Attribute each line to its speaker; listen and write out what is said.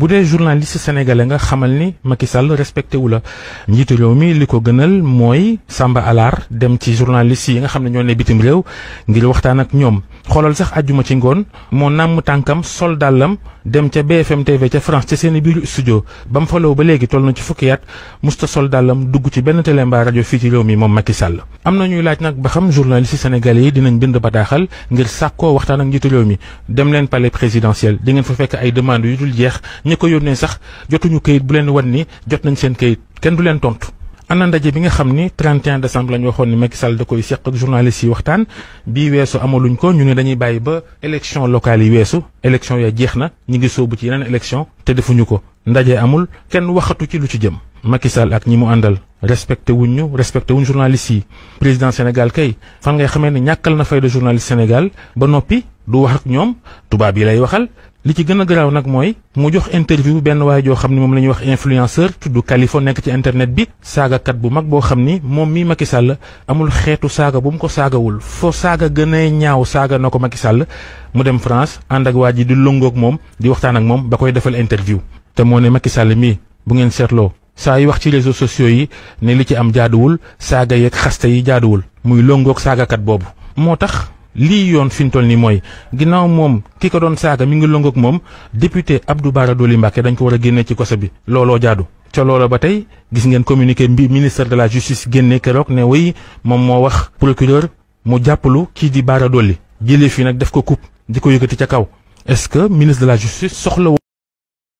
Speaker 1: bu dee journaliste sénégalais nga xamal ni Macky Sall respecté wu njiitu réew mi li ko gënal mooy Samba Alar dem ci journaliste yi nga xam ne ñoo ne bitim réew ngir waxtaan ak ñoom xoolal sax àjjuma ci ngoon moo nàmm tànkam sol dàllam dem ca BFM TV ca France ca seen i biiru studio ba mu faloo ba léegi toll na ci fukki at musta sol dàllam dugg ci benn télé mbaa rajo fii ci réew mi moom Macky Sall. am na ñuy laaj nag ba xam journaliste sénégalais yi dinañ bind bataaxal ngir sàkkoo waxtaan ak njiitu réew mi dem leen palais présidentiel di ngeen fa fekk ay demandes yu dul jeex ñi ko yónnee sax jotuñu këyit bu leen wan ni jot nañ seen këyit kenn leen tontu. ana ndaje bi nga xam ni 31 décembre la ñu waxoon ni Macky Sall da koy seq ak journaliste yi waxtaan bii weesu amaluñ ko ñu ne dañuy bàyyi ba élection locale yi weesu élection ya jeex na ñu ngi soobu ci yeneen élection te defuñu ko ndaje amul kenn waxatu ci lu ci jëm. Macky Sall ak ñi mu àndal respecté wuñ ñu respecté wuñ journaliste yi président Sénégal kay fan ngay xamee ne ñàkkal na fayda journaliste Sénégal ba noppi. du wax ak ñoom tubaab yi lay waxal li ci gën a garaaw nag mooy mu jox interview benn waay joo xam ne moom la ñuy wax influenceur tudd Kaliphone nekk ci internet bi saagakat bu mag boo xam ni moom mii Macky Sall amul xeetu saaga bu mu ko saagawul foo saaga gën a ñaaw saaga na ko Macky sàll mu dem France ànd ak waa ji di lëngoog moom di waxtaan ak moom ba koy defal interview te moo ne Macky Sall mii bu ngeen seetloo saa yi wax ci réseaux sociaux yi ne li ci am jaaduwul saaga yeeg xaste yi jaaduwul muy lëngoog saagakat boobu moo tax lii yoon fi ñu toll nii mooy ginnaaw moom ki ko doon saaga mi ngi lëngoog moom député Abdou Bara Dolly Mbacké dañ ko war a génne ci koso bi looloo jaadu. ca loola ba tey gis ngeen communiqué bi ministère de la justice génne keroog ne way moom moo wax procureur mu jàppalu kii di Bara Dolly jëlee fii nag def ko coupe di ko yëkkati ca kaw est-ce que ministre de la justice soxla